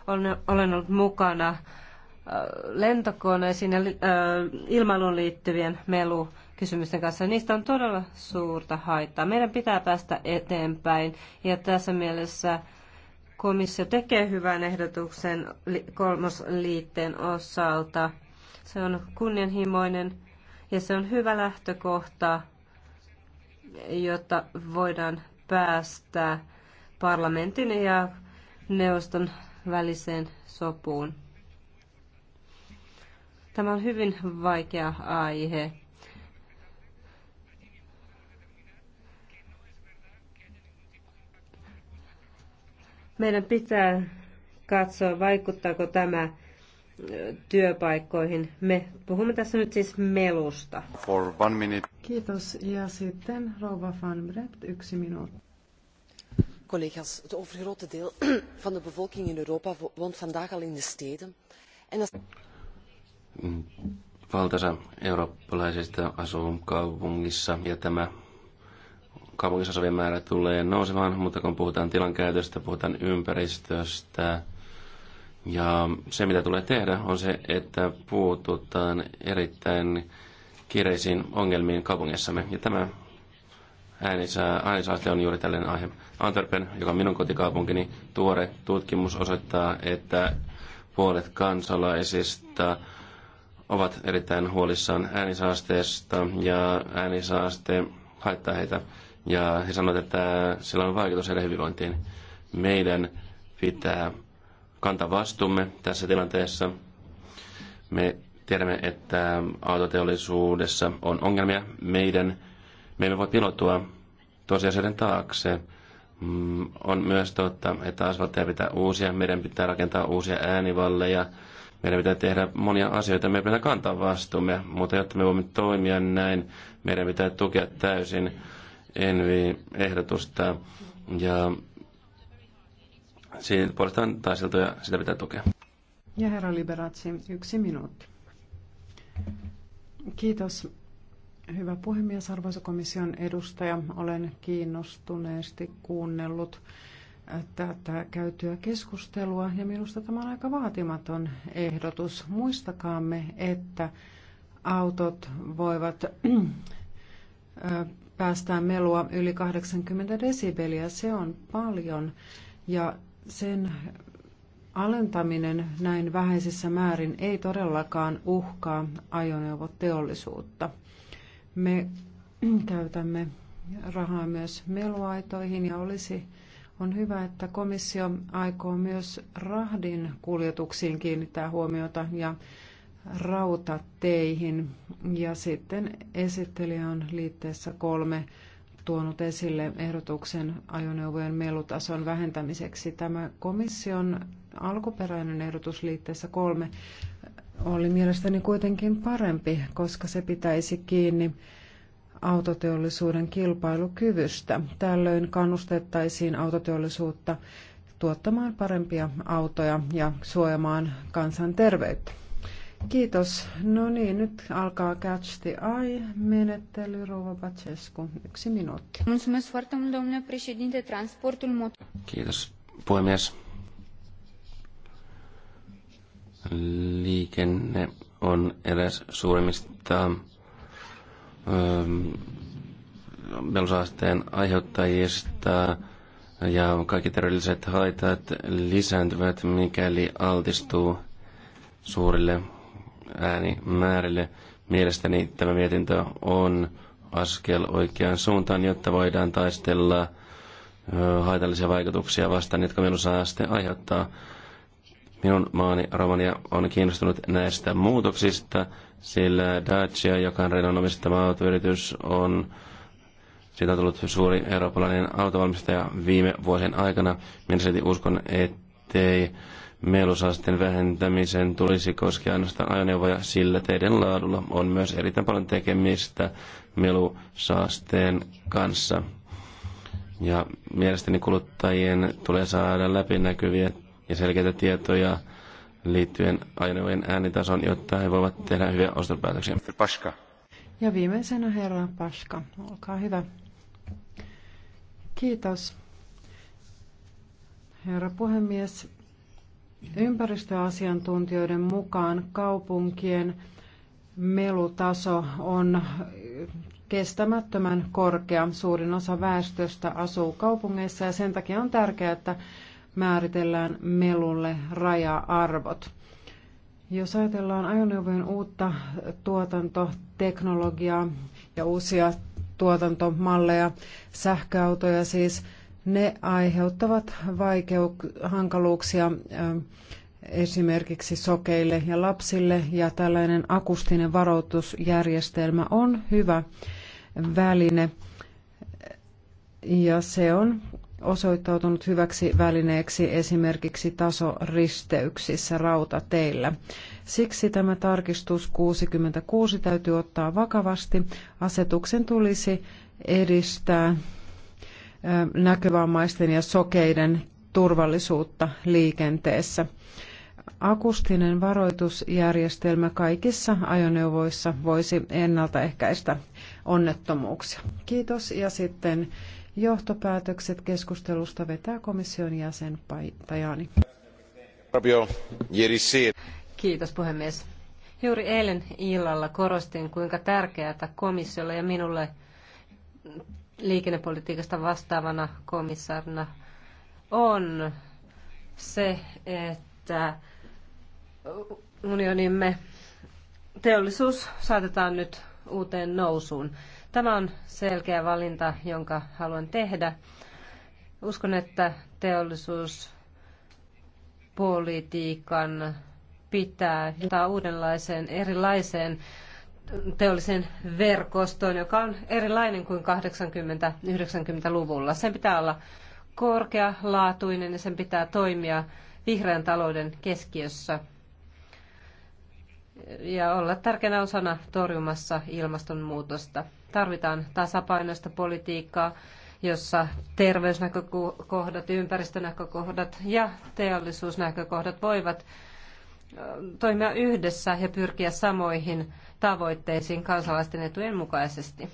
C: Olen olen ollut mukana äh, lentokoneisiin ja äh, ilmailuun liittyvien melukysymysten kanssa. Niistä on todella suurta haittaa. Meidän pitää päästä eteenpäin ja tässä mielessä komissio tekee hyvän ehdotuksen kolmosliitteen osalta. Se on kunnianhimoinen ja se on hyvä lähtökohta, jotta voidaan päästä parlamentin ja neuvoston väliseen sopuun. Tämä on hyvin vaikea aihe. Meidän pitää katsoa, vaikuttaako tämä työpaikkoihin. Me puhumme tässä nyt siis melusta.
A: For one minute.
C: Kiitos. Ja
B: sitten Rova van Brept, yksi minuutti. Collega's, het overgrote deel van de bevolking in Europa woont vandaag al in de steden. En als...
A: Mm, valtaosa eurooppalaisista asuu kaupungissa ja tämä kaupungissa asuvien määrä tulee nousemaan, mutta kun puhutaan tilankäytöstä, puhutaan ympäristöstä, ja se, mitä tulee tehdä, on se, että puututaan erittäin kiireisiin ongelmiin kaupungissamme. Ja tämä äänisaaste on juuri tällainen aihe. Antwerpen, joka on minun kotikaupunkini, tuore tutkimus osoittaa, että puolet kansalaisista ovat erittäin huolissaan äänisaasteesta ja äänisaaste haittaa heitä. Ja he sanovat, että sillä on vaikutus heidän hyvinvointiin. Meidän pitää kantaa vastuumme tässä tilanteessa. Me tiedämme, että autoteollisuudessa on ongelmia. Meidän, me emme voi pilotua tosiasioiden taakse. Mm, on myös totta, että asfaltteja pitää uusia, meidän pitää rakentaa uusia äänivalleja, meidän pitää tehdä monia asioita, meidän pitää kantaa vastuumme, mutta jotta me voimme toimia näin, meidän pitää tukea täysin Envi-ehdotusta ja Siinä puolestaan taisteltu ja sitä pitää tukea.
B: Ja herra Liberatsi, yksi minuutti. Kiitos. Hyvä puhemies, arvoisa komission edustaja. Olen kiinnostuneesti kuunnellut äh, tätä käytyä keskustelua ja minusta tämä on aika vaatimaton ehdotus. Muistakaamme, että autot voivat äh, päästää melua yli 80 desibeliä. Se on paljon ja sen alentaminen näin vähäisessä määrin ei todellakaan uhkaa ajoneuvoteollisuutta. Me käytämme rahaa myös meluaitoihin ja olisi on hyvä, että komissio aikoo myös rahdin kuljetuksiin kiinnittää huomiota ja rautateihin. Ja sitten esittelijä on liitteessä kolme tuonut esille ehdotuksen ajoneuvojen melutason vähentämiseksi. Tämä komission alkuperäinen ehdotus liitteessä kolme oli mielestäni kuitenkin parempi, koska se pitäisi kiinni autoteollisuuden kilpailukyvystä. Tällöin kannustettaisiin autoteollisuutta tuottamaan parempia autoja ja suojamaan kansanterveyttä. Kiitos. No niin, nyt alkaa Catch the Eye-menettely. Rouva Pacescu, yksi minuutti.
C: Transportul
A: Kiitos, puhemies. Liikenne on eräs suurimmista ähm, melusaasteen aiheuttajista ja kaikki terveelliset haitat lisääntyvät, mikäli altistuu suurille äänimäärille. Mielestäni tämä mietintö on askel oikeaan suuntaan, jotta voidaan taistella haitallisia vaikutuksia vastaan, jotka sitten aiheuttaa. Minun maani Romania on kiinnostunut näistä muutoksista, sillä Dacia, joka on Renan omistama autoyritys, on siitä on tullut suuri eurooppalainen autovalmistaja viime vuosien aikana. Minä silti uskon, ettei Mielusaasteen vähentämisen tulisi koskea ainoastaan ajoneuvoja, sillä teidän laadulla on myös erittäin paljon tekemistä melusaasteen kanssa. Ja mielestäni kuluttajien tulee saada läpinäkyviä ja selkeitä tietoja liittyen ajoneuvojen äänitason, jotta he voivat tehdä hyviä ostopäätöksiä. Paska.
B: Ja viimeisenä herra Paska, olkaa hyvä. Kiitos. Herra puhemies, Ympäristöasiantuntijoiden mukaan kaupunkien melutaso on kestämättömän korkea. Suurin osa väestöstä asuu kaupungeissa ja sen takia on tärkeää, että määritellään melulle raja-arvot. Jos ajatellaan ajoneuvojen uutta tuotantoteknologiaa ja uusia tuotantomalleja, sähköautoja siis, ne aiheuttavat vaikeuk- hankaluuksia esimerkiksi sokeille ja lapsille ja tällainen akustinen varoitusjärjestelmä on hyvä väline ja se on osoittautunut hyväksi välineeksi esimerkiksi tasoristeyksissä rautateillä. Siksi tämä tarkistus 66 täytyy ottaa vakavasti. Asetuksen tulisi edistää näkövammaisten ja sokeiden turvallisuutta liikenteessä. Akustinen varoitusjärjestelmä kaikissa ajoneuvoissa voisi ennaltaehkäistä onnettomuuksia. Kiitos ja sitten johtopäätökset keskustelusta vetää komission jäsen Tajani.
C: Kiitos puhemies. Juuri eilen illalla korostin, kuinka tärkeää komissiolle ja minulle liikennepolitiikasta vastaavana komissaarina on se, että unionimme teollisuus saatetaan nyt uuteen nousuun. Tämä on selkeä valinta, jonka haluan tehdä. Uskon, että teollisuuspolitiikan pitää jotain uudenlaiseen, erilaiseen teollisen verkostoon, joka on erilainen kuin 80-90-luvulla. Sen pitää olla korkealaatuinen ja sen pitää toimia vihreän talouden keskiössä ja olla tärkeänä osana torjumassa ilmastonmuutosta. Tarvitaan tasapainoista politiikkaa, jossa terveysnäkökohdat, ympäristönäkökohdat ja teollisuusnäkökohdat voivat toimia yhdessä ja pyrkiä samoihin tavoitteisiin kansalaisten etujen mukaisesti.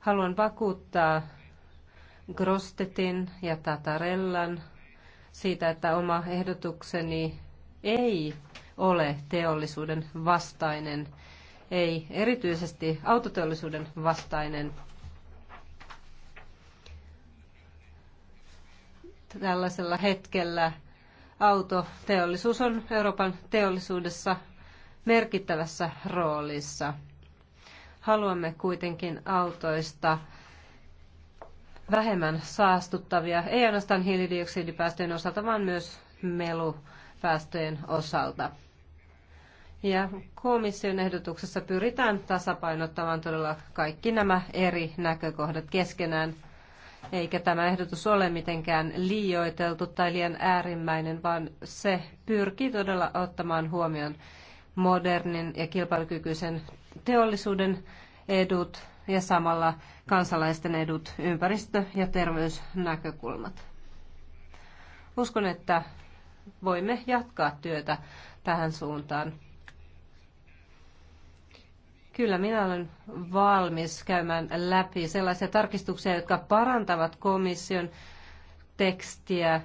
C: Haluan vakuuttaa Grostetin ja Tatarellan siitä, että oma ehdotukseni ei ole teollisuuden vastainen, ei erityisesti autoteollisuuden vastainen. Tällaisella hetkellä autoteollisuus on Euroopan teollisuudessa merkittävässä roolissa. Haluamme kuitenkin autoista vähemmän saastuttavia, ei ainoastaan hiilidioksidipäästöjen osalta, vaan myös melupäästöjen osalta. Ja komission ehdotuksessa pyritään tasapainottamaan todella kaikki nämä eri näkökohdat keskenään – eikä tämä ehdotus ole mitenkään liioiteltu tai liian äärimmäinen, vaan se pyrkii todella ottamaan huomioon modernin ja kilpailukykyisen teollisuuden edut ja samalla kansalaisten edut, ympäristö- ja terveysnäkökulmat. Uskon, että voimme jatkaa työtä tähän suuntaan. Kyllä minä olen valmis käymään läpi sellaisia tarkistuksia, jotka parantavat komission tekstiä, äh,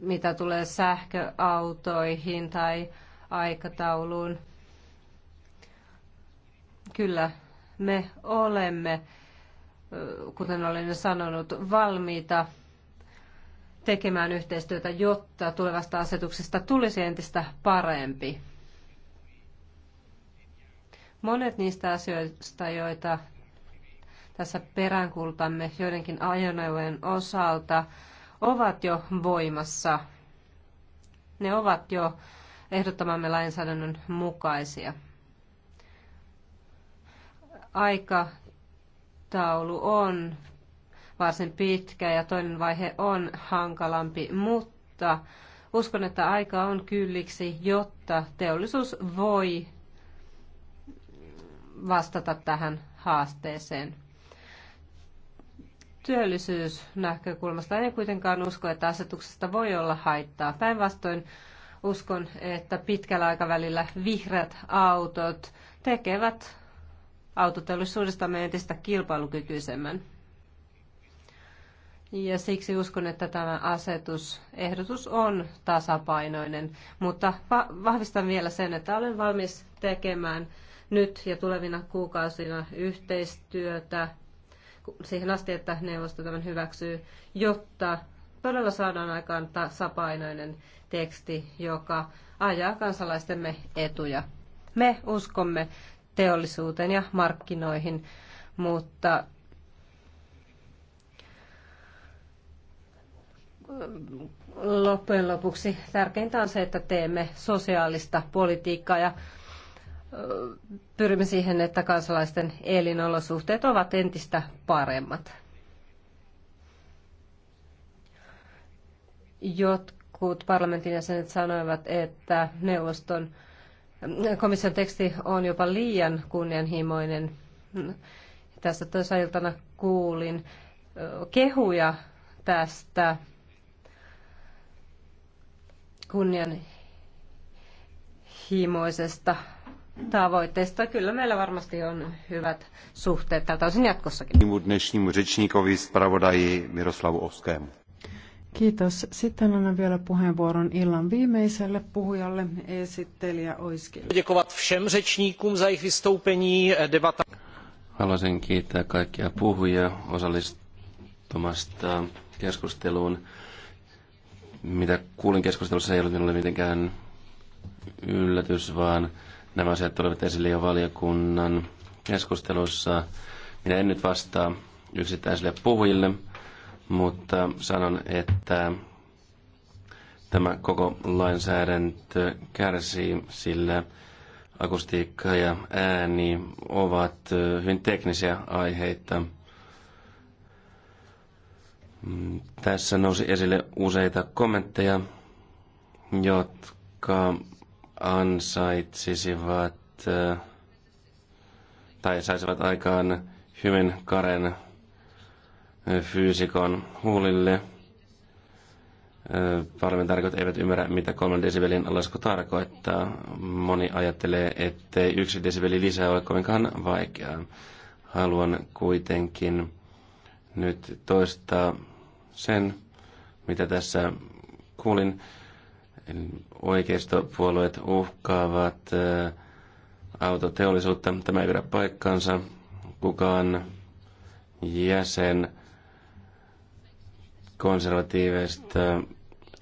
C: mitä tulee sähköautoihin tai aikatauluun. Kyllä me olemme, äh, kuten olen jo sanonut, valmiita tekemään yhteistyötä, jotta tulevasta asetuksesta tulisi entistä parempi. Monet niistä asioista, joita tässä peräänkultamme joidenkin ajoneuvojen osalta, ovat jo voimassa. Ne ovat jo ehdottamamme lainsäädännön mukaisia. Aikataulu on varsin pitkä ja toinen vaihe on hankalampi, mutta uskon, että aika on kylliksi, jotta teollisuus voi vastata tähän haasteeseen. Työllisyysnäkökulmasta en kuitenkaan usko, että asetuksesta voi olla haittaa. Päinvastoin uskon, että pitkällä aikavälillä vihreät autot tekevät autoteollisuudesta entistä kilpailukykyisemmän. Ja siksi uskon, että tämä asetusehdotus on tasapainoinen, mutta vahvistan vielä sen, että olen valmis tekemään nyt ja tulevina kuukausina yhteistyötä siihen asti, että neuvosto tämän hyväksyy, jotta todella saadaan aikaan tasapainoinen teksti, joka ajaa kansalaistemme etuja. Me uskomme teollisuuteen ja markkinoihin, mutta loppujen lopuksi tärkeintä on se, että teemme sosiaalista politiikkaa ja pyrimme siihen, että kansalaisten elinolosuhteet ovat entistä paremmat. Jotkut parlamentin jäsenet sanoivat, että neuvoston komission teksti on jopa liian kunnianhimoinen. Tässä iltana kuulin kehuja tästä kunnianhimoisesta tavoitteista. Kyllä meillä varmasti on hyvät suhteet tältä osin
A: jatkossakin. Dnešnímu řečníkovi spravodaji Miroslavu Ovskému.
B: Kiitos. Sitten annan vielä puheenvuoron illan viimeiselle puhujalle, esittelijä Oiski.
A: Děkovat všem řečníkům za jejich vystoupení debata. Haluaisin kiittää kaikkia puhujia osallistumasta keskusteluun. Mitä kuulin keskustelussa ei ollut minulle mitenkään yllätys, vaan Nämä asiat tulevat esille jo valiokunnan keskustelussa. Minä en nyt vastaa yksittäisille puhujille, mutta sanon, että tämä koko lainsäädäntö kärsii, sillä akustiikka ja ääni ovat hyvin teknisiä aiheita. Mm, tässä nousi esille useita kommentteja, jotka ansaitsisivat eh, tai saisivat aikaan hyvin karen fyysikon huulille. Eh, parlamentaarikot eivät ymmärrä, mitä kolmen desibelin lasku tarkoittaa. Moni ajattelee, ettei yksi desibeli lisää ole kovinkaan vaikeaa. Haluan kuitenkin nyt toistaa sen, mitä tässä kuulin oikeistopuolueet uhkaavat äh, autoteollisuutta. Tämä ei pidä paikkaansa. Kukaan jäsen konservatiiveista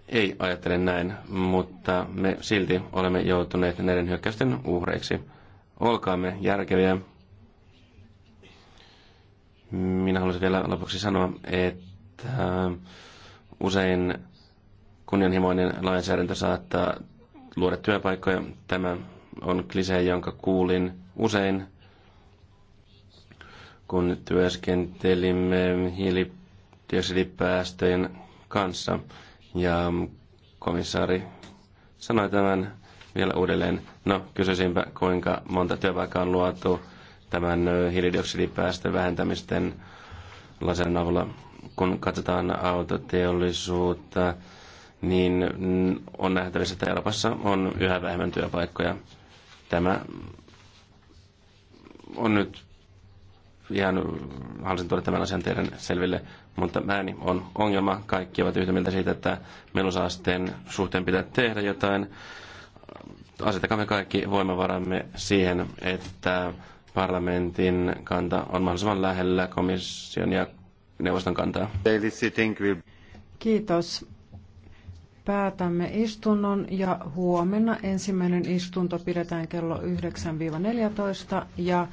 A: ei ajattele näin, mutta me silti olemme joutuneet näiden hyökkäysten uhreiksi. Olkaamme järkeviä. Minä haluaisin vielä lopuksi sanoa, että usein Kunnianhimoinen lainsäädäntö saattaa luoda työpaikkoja. Tämä on klisee, jonka kuulin usein, kun työskentelimme hiilidioksidipäästöjen kanssa. Ja komissaari sanoi tämän vielä uudelleen. No, kysyisinpä, kuinka monta työpaikkaa on luotu tämän hiilidioksidipäästön vähentämisten lasen avulla, kun katsotaan autoteollisuutta, niin on nähtävissä, että Euroopassa on yhä vähemmän työpaikkoja. Tämä on nyt ihan halusin tuoda tämän asian teidän selville, mutta ääni on ongelma. Kaikki ovat yhtä mieltä siitä, että melusaasteen suhteen pitää tehdä jotain. Asetamme kaikki voimavaramme siihen, että parlamentin kanta on mahdollisimman lähellä komission ja neuvoston kantaa.
B: Kiitos päätämme istunnon ja huomenna ensimmäinen istunto pidetään kello 9-14 ja